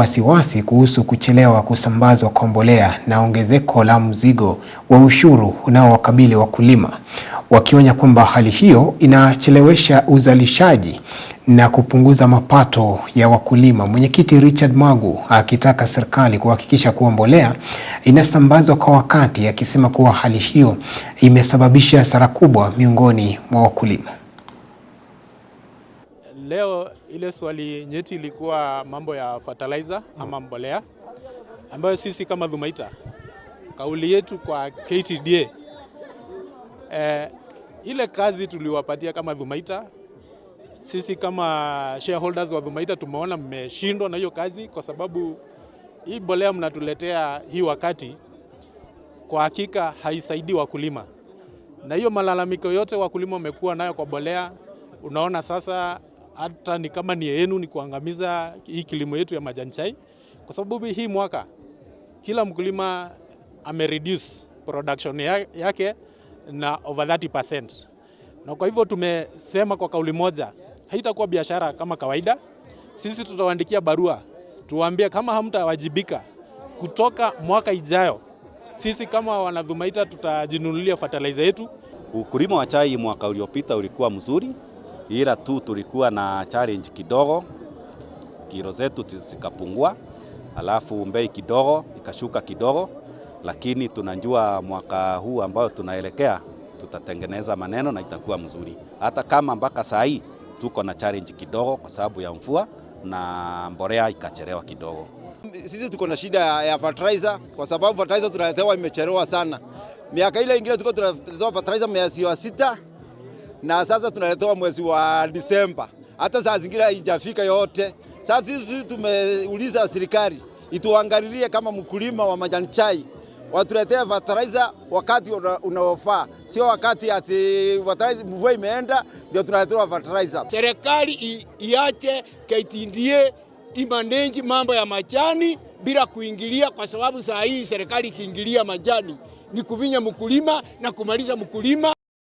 wasiwasi kuhusu kuchelewa kusambazwa kwa mbolea na ongezeko la mzigo wa ushuru unaowakabili wakulima, wakionya kwamba hali hiyo inachelewesha uzalishaji na kupunguza mapato ya wakulima. Mwenyekiti Richard Magu akitaka serikali kuhakikisha kuwa mbolea inasambazwa kwa wakati, akisema kuwa hali hiyo imesababisha hasara kubwa miongoni mwa wakulima. Leo ile swali nyeti ilikuwa mambo ya fertilizer ama mm. mbolea ambayo sisi kama Dhumaita kauli yetu kwa KTDA eh, ile kazi tuliwapatia kama Dhumaita, sisi kama shareholders wa Dhumaita tumeona mmeshindwa na hiyo kazi, kwa sababu hii mbolea mnatuletea hii wakati kwa hakika haisaidii wakulima, na hiyo malalamiko yote wakulima wamekuwa nayo kwa mbolea, unaona sasa hata ni kama ni yenu ni kuangamiza hii kilimo yetu ya majani chai, kwa sababu hii mwaka kila mkulima reduce production yake na over 30%. Na kwa hivyo tumesema kwa kauli moja, haitakuwa biashara kama kawaida. Sisi tutawaandikia barua tuwaambie, kama hamtawajibika kutoka mwaka ijayo, sisi kama wanadhumaita tutajinunulia fertilizer yetu. Ukulima wa chai mwaka uliopita ulikuwa mzuri ila tu tulikuwa na challenge kidogo, kilo zetu zikapungua, alafu mbei kidogo ikashuka kidogo, lakini tunajua mwaka huu ambao tunaelekea tutatengeneza maneno na itakuwa mzuri, hata kama mpaka saa hii tuko na challenge kidogo kwa sababu ya mvua na mbolea ikachelewa kidogo. Sisi tuko na shida ya fertilizer kwa sababu fertilizer tunaletewa imechelewa sana. Miaka ile ingine tuko tunatoa fertilizer miezi sita na sasa tunaletewa mwezi wa Disemba, hata saa zingira haijafika yote. Sasa hizi tumeuliza serikali ituangalilie kama mkulima wa majani chai, watuletee fertilizer wakati unaofaa, sio wakati ati mvua imeenda ndio tunaletewa fertilizer. Serikali iache KTDA imanenji mambo ya majani bila kuingilia, kwa sababu saa hii serikali ikiingilia majani ni kuvinya mkulima na kumaliza mkulima.